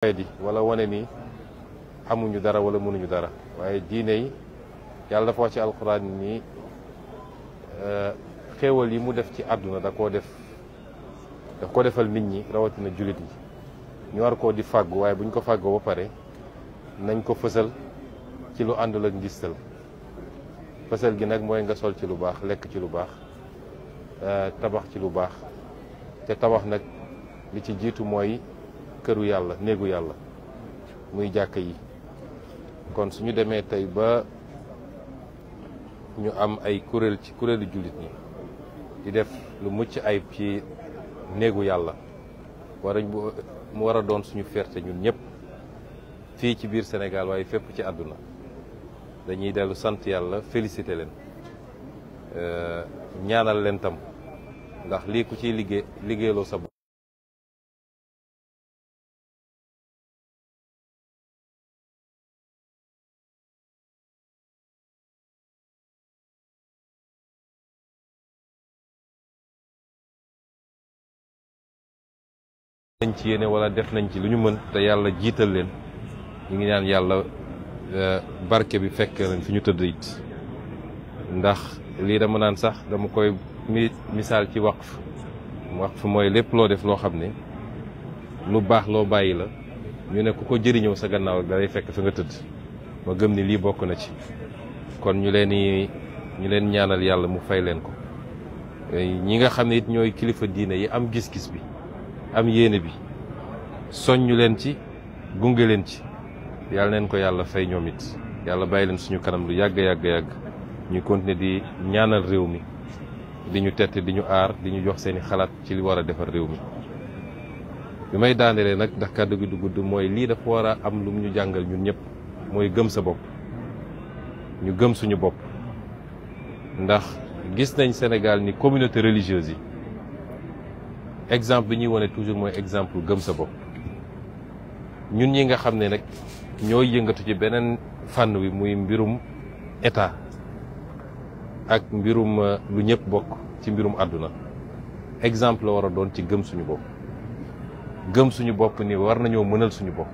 di wala wane ni amuñu dara wala mënuñu dara waaye diine yi yàlla dafa wax ci alquran ni eh, xéewal yi mu def ci àdduna da koo def daf ko defal nit ñi rawatina jullit yi ñu war di fàggu waaye buñ ko fàggoo ba pare nañ ko fësal ci lu àndul ak ngistal fësal gi nag mooy nga sol ci lu baax lekk ci lu baax eh, tabax ci lu baax te tabax nag li ci jiitu mooy këru yàlla néegu yàlla muy jàkk yi kon suñu demee tey ba ñu am ay kuréel ci kuréelu jullit ñi di def lu mucc ay ci néegu yàlla warañ bu mu war a doon suñu fierté ñun ñëpp fii ci biir Sénégal waaye fépp ci àdduna dañuy dellu sant yàlla félicité leen euh, ñaanal leen tam ndax lii ku ciy liggéey liggéeyloo sa bopp nañ ci yéene wala def nañ ci lu ñu mën te yàlla jiital leen ñu ngi ñaan yàlla euh, barke bi fekk nañ fi ñu tëdd ndax lii dama naan sax dama koy mi misaal ci wax waqf mooy lépp loo def loo xam ne lu baax loo bàyyi la ñu ne ku ko jëriñoo sa gannaaw da fekk fi nga tëdd ma gëm ni lii bokk na ci kon ñu leen ñu leen ñaanal yàlla mu fay leen ko ñi nga xam ne it ñooy kilifa diine yi am gis-gis bi am yéene bi soññu leen ci gunge leen ci yàlla neen ko yàlla fay ñoom it yàlla bàyyi leen suñu kanam lu yàgg yàgg yàgg ñu continuer di ñaanal réew mi di ñu tette di ñu aar di ñu jox seeni xalaat ci li war a defar réew mi. bi may daanelee nag ndax kàddu gi du gudd mooy lii dafa war a am lu mu ñu jàngal ñun ñëpp mooy gëm sa bopp ñu gëm suñu bopp ndax gis nañ senegal ni communauté religieuse yi. exemple bi ñuy wane toujours mooy exemple gëm sa bopp ñun ñi nga xam ne nag ñooy yëngatu ci beneen fànn wi muy mbirum état ak mbirum euh, lu ñëpp bokk ci mbirum àdduna exemple la war a doon ci gëm suñu bopp gëm suñu bopp ni war nañoo mënal suñu bopp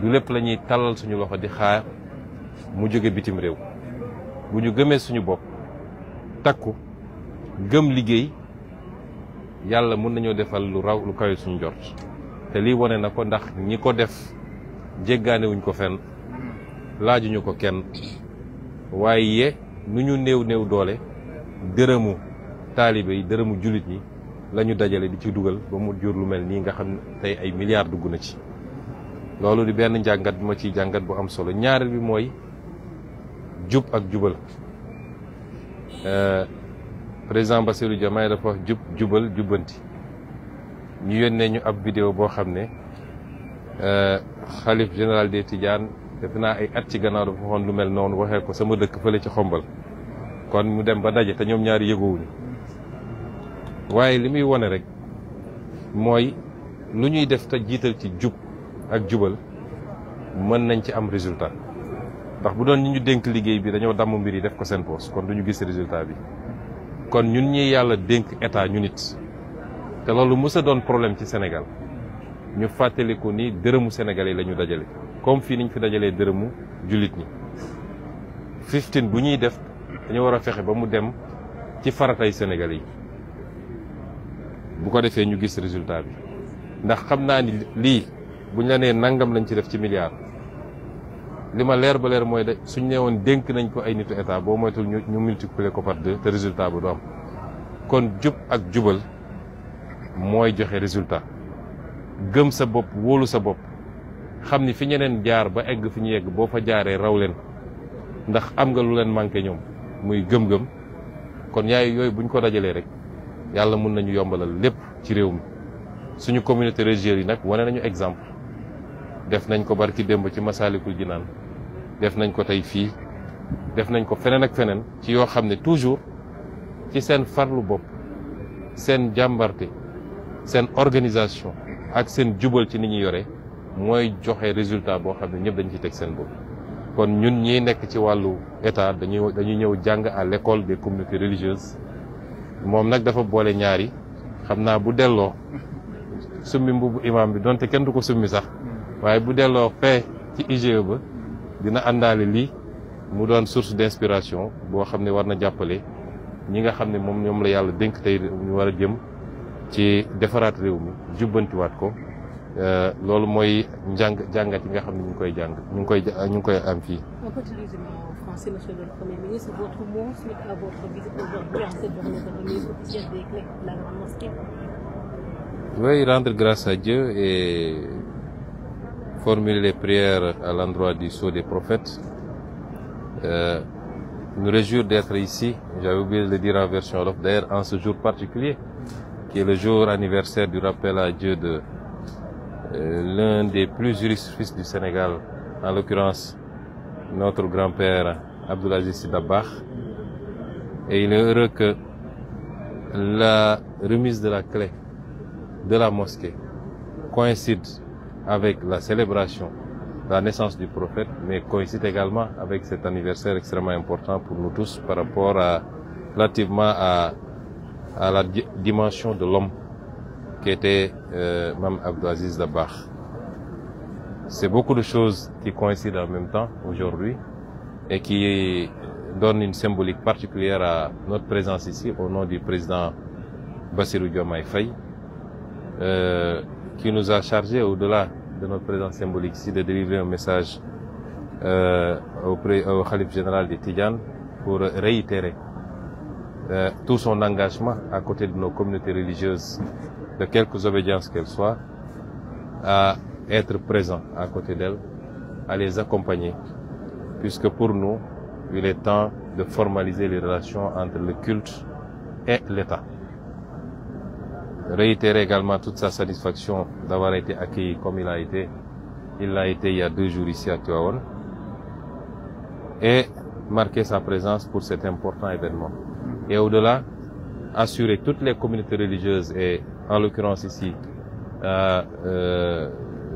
du lépp lañuy ñuy tàllal suñu loxo di xaar mu jóge bitim réew bu ñu gëmee suñu bopp takku gëm liggéey yàlla mun nañoo defal lu raw lu kawe suñ jort te lii wane na ko ndax ñi ko def jéggaanewuñ ko fenn laajuñu ko kenn waaye nu ñu néew néew doole dërëmu taalibe yi dërëmu jullit yi lañu dajale di ci dugal ba mu jur lu mel nii nga xam ne tey ay milliards dugg na ci loolu di benn njàngat ma ciy jàngat bu am solo ñaareel bi mooy jub ak jubal euh, président Bassirou Diomaye dafa wax jub jubal jubbanti ñu yónnee ñu ab vidéo boo xam ne euh, xalif général des Tidiane def naa ay at ci gannaaw dafa waxoon lu mel noonu waxee ko sama dëkk fële ci xombal kon mu dem ba daje te ñoom ñaari yëgowuñu waaye li muy wone rek mooy lu ñuy def te jiital ci jub ak jubal mën nañ ci am résultat ndax bu doon ñu ñu denk liggéey bi dañoo damm mbir yi def ko seen poos kon lu ñu gis résultat bi kon ñun ñi yàlla dénk état ñu nit te loolu mës a doon problème ci senegal ñu fàttaliku ni dërëmu Sénégal yi lañu ñu dajale comme fii niñ fi dajalee dërëmu jullit ñi fifteen bu ñuy def dañu war a fexe ba mu dem ci faratay Sénégal yi bu ko defee ñu gis résultat bi ndax xam naa ni lii buñ la nee nangam lañ ci def ci milliard li ma leer ba leer mooy de suñ nee woon dénk nañ ko ay nitu état boo moytul ñu ñu multiplier ko par deux te résultat bu du am kon jub ak jubal mooy joxe résultat gëm sa bopp wóolu sa bopp xam ni fi ñeneen jaar ba egg fi ñu yegg boo fa jaaree raw leen ndax am nga lu leen manqué ñoom muy gëm-gëm kon yaay yooyu buñ ko dajalee rek yàlla mun ñu yombalal lépp ci réew mi suñu communauté religieuse yi nag wane nañu exemple def nañ ko ci démb ci Masaalikul Jinaan def nañ ko tey fii def nañ ko feneen ak feneen ci yoo xam ne toujours ci seen farlu bopp seen jàmbarte seen organisation ak seen jubal ci ni ñu yore mooy joxe résultat boo xam ne ñëpp dañ ci teg seen bopp kon ñun ñi nekk ci wàllu état dañuy dañuy ñëw jàng à l'école des communautés religieuses moom nag dafa boole ñaari xam naa bu delloo summi mbubu imam bi donte kenn du ko summi sax waaye bu delloo fee ci IGE ba dina àndaale lii mu doon source d'inspiration boo xam ne war na jàppale ñi nga xam ne moom ñoom la yàlla dénk tey a jëm ci defaraat réew mi jubbantiwaat ko euh, loolu mooy njàng jàngat yi nga xam ne ñu ngi koy jàng ñu ngi koy ñu ngi koy am fii. Merci, rendre grâce à formuler les prières à l'endroit du sceau des prophètes. Euh, nous réjouir d'être ici, j'avais oublié de le dire en version Wolof, d'ailleurs en ce jour particulier, qui est le jour anniversaire du rappel à Dieu de euh, l'un des plus juristes fils du Sénégal, en l'occurrence notre grand-père Abdoulaziz Sidabakh. Et il est heureux que la remise de la clé de la mosquée coïncide avec la célébration de la naissance du prophète, mais coïncide également avec cet anniversaire extrêmement important pour nous tous par rapport à, relativement à, à la di dimension de l'homme qui était euh, Mme Abdelaziz Dabakh. C'est beaucoup de choses qui coïncident en même temps aujourd'hui et qui euh, donnent une symbolique particulière à notre présence ici au nom du président Bassirou Diomaye Faye. Euh, qui nous a chargés, au-delà de notre présence symbolique ici, de délivrer un message euh, au, euh, au Khalif général de Tidjan pour réitérer euh, tout son engagement à côté de nos communautés religieuses, de quelques obédiences qu'elles soient, à être présent à côté d'elles, à les accompagner, puisque pour nous, il est temps de formaliser les relations entre le culte et l'État. réitérer également toute sa satisfaction d'avoir été accueilli comme il a été. Il l'a été il y a deux jours ici à Tuaon. Et marquer sa présence pour cet important événement. Et au-delà, assurer toutes les communautés religieuses et en l'occurrence ici euh, euh,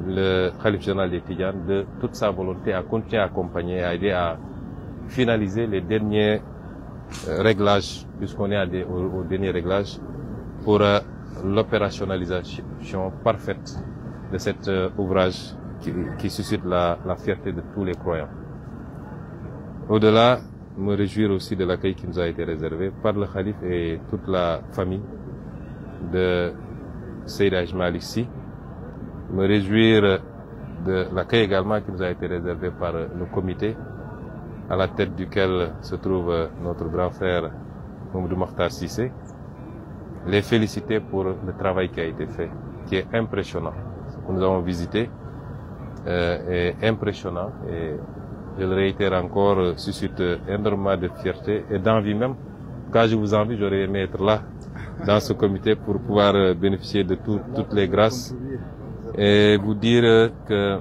le Khalif général des Tidjan de toute sa volonté à continuer à accompagner, à aider à finaliser les derniers euh, réglages, puisqu'on est au, dernier réglage, euh, l'opérationnalisation parfaite de cet euh, ouvrage qui, qui suscite la, la, fierté de tous les croyants. Au-delà, me réjouir aussi de l'accueil qui nous a été réservé par le calife et toute la famille de Seyd Ajmal ici. Me réjouir de l'accueil également qui nous a été réservé par le comité, à la tête duquel se trouve notre grand frère Moumoudou Mokhtar Sissé, les féliciter pour le travail qui a été fait, qui est impressionnant. Ce que nous avons visité euh, est impressionnant et je le réitère encore, euh, suscite euh, énormément de fierté et d'envie même. Quand je vous envie, j'aurais aimé être là, dans ce comité, pour pouvoir euh, bénéficier de tout, toutes les grâces et vous dire que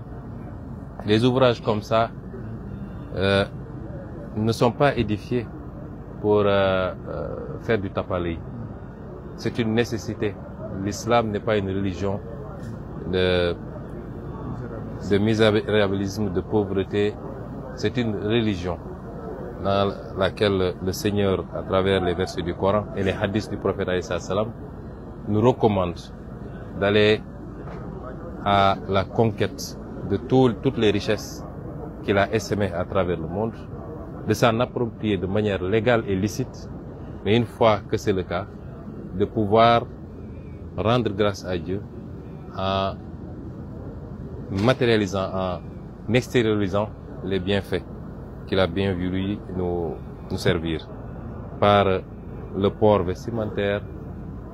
les ouvrages comme ça euh, ne sont pas édifiés pour euh, faire du tapalé. C'est une nécessité. L'islam n'est pas une religion de, de misérabilisme, de pauvreté. C'est une religion dans laquelle le Seigneur, à travers les versets du Coran et les hadiths du prophète salam, nous recommande d'aller à la conquête de tout, toutes les richesses qu'il a essaimées à travers le monde, de s'en approprier de manière légale et licite. Mais une fois que c'est le cas, de pouvoir rendre grâce à Dieu en matérialisant, en extériorisant les bienfaits qu'il a bien voulu nous, nous servir par le port vestimentaire,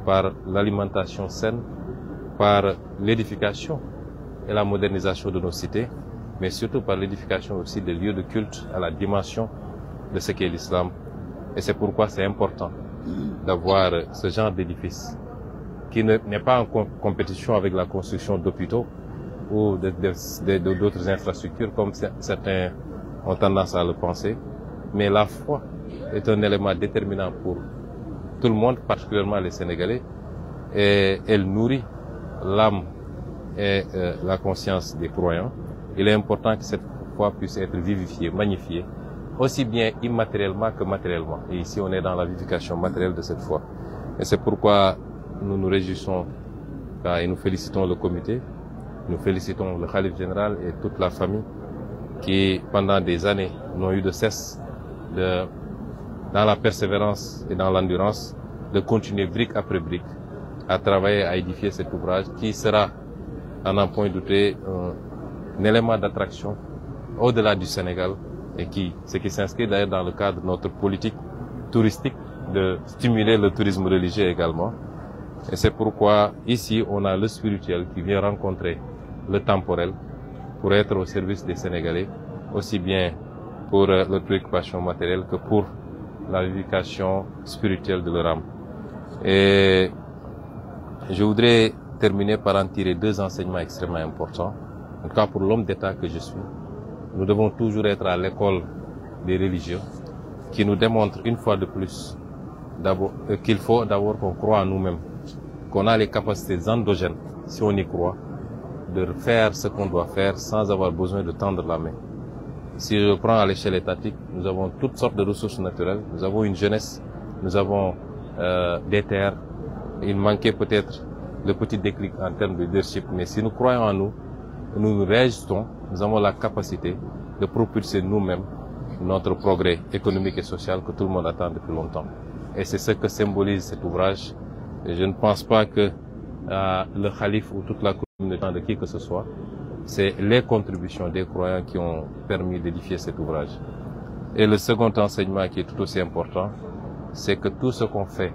par l'alimentation saine, par l'édification et la modernisation de nos cités, mais surtout par l'édification aussi des lieux de culte à la dimension de ce qu'est l'islam. Et c'est pourquoi c'est important d'avoir ce genre d'édifice qui n'est ne, pas en compétition avec la construction d'hôpitaux ou d'autres infrastructures comme certains ont tendance à le penser. Mais la foi est un élément déterminant pour tout le monde, particulièrement les Sénégalais, et elle nourrit l'âme et euh, la conscience des croyants. Il est important que cette foi puisse être vivifiée, magnifiée, aussi bien immatériellement que matériellement. Et ici, on est dans la vivification matérielle de cette foi. Et c'est pourquoi nous nous réjouissons et nous félicitons le comité, nous félicitons le Khalif général et toute la famille qui, pendant des années, n'ont eu de cesse, de, dans la persévérance et dans l'endurance, de continuer brique après brique à travailler, à édifier cet ouvrage qui sera, à n'en point douter, un, un élément d'attraction au-delà du Sénégal et qui, ce qui s'inscrit d'ailleurs dans le cadre de notre politique touristique de stimuler le tourisme religieux également. Et c'est pourquoi ici, on a le spirituel qui vient rencontrer le temporel pour être au service des Sénégalais, aussi bien pour euh, leur préoccupation matérielle que pour la vivification spirituelle de leur âme. Et je voudrais terminer par en tirer deux enseignements extrêmement importants, en tout pour l'homme d'État que je suis, Nous devons toujours être à l'école des religions qui nous démontre une fois de plus euh, qu'il faut d'abord qu'on croit en nous-mêmes, qu'on a les capacités endogènes, si on y croit, de faire ce qu'on doit faire sans avoir besoin de tendre la main. Si je prends à l'échelle étatique, nous avons toutes sortes de ressources naturelles, nous avons une jeunesse, nous avons euh, des terres, il manquait peut-être le petit déclic en termes de leadership, mais si nous croyons nous réagissons, nous avons la capacité de propulser nous-mêmes notre progrès économique et social que tout le monde attend depuis longtemps. Et c'est ce que symbolise cet ouvrage. je ne pense pas que euh, le calife ou toute la communauté de qui que ce soit, c'est les contributions des croyants qui ont permis d'édifier cet ouvrage. Et le second enseignement qui est tout aussi important, c'est que tout ce qu'on fait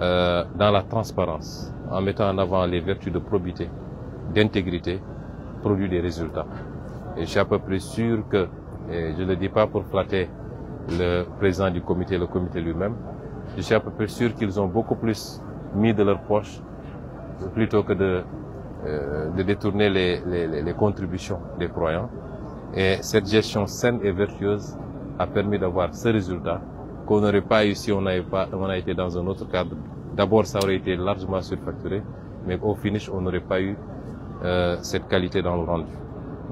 euh, dans la transparence, en mettant en avant les vertus de probité, d'intégrité, produit des résultats. Et je suis à peu près sûr que, et je ne le dis pas pour flatter le président du comité, le comité lui-même, je suis à peu près sûr qu'ils ont beaucoup plus mis de leur poche plutôt que de, euh, de détourner les, les, les contributions des croyants. Et cette gestion saine et vertueuse a permis d'avoir ce résultat qu'on n'aurait pas eu si on, avait pas, on a été dans un autre cadre. D'abord, ça aurait été largement surfacturé, mais au finish, on n'aurait pas eu euh, cette qualité dans le rendu.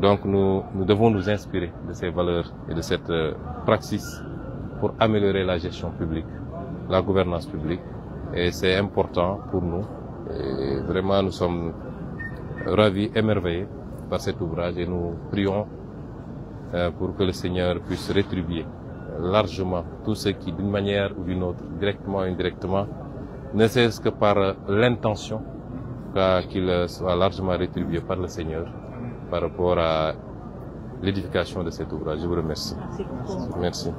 Donc nous, nous devons nous inspirer de ces valeurs et de cette euh, pour améliorer la gestion publique, la gouvernance publique. Et c'est important pour nous. Et vraiment, nous sommes ravis, émerveillés par cet ouvrage et nous prions euh, pour que le Seigneur puisse rétribuer largement tous ceux qui, d'une manière ou d'une autre, directement ou indirectement, ne que par l'intention cas qu'il soit largement rétribué par le Seigneur par rapport à l'édification de cet ouvrage. Je vous remercie. Merci.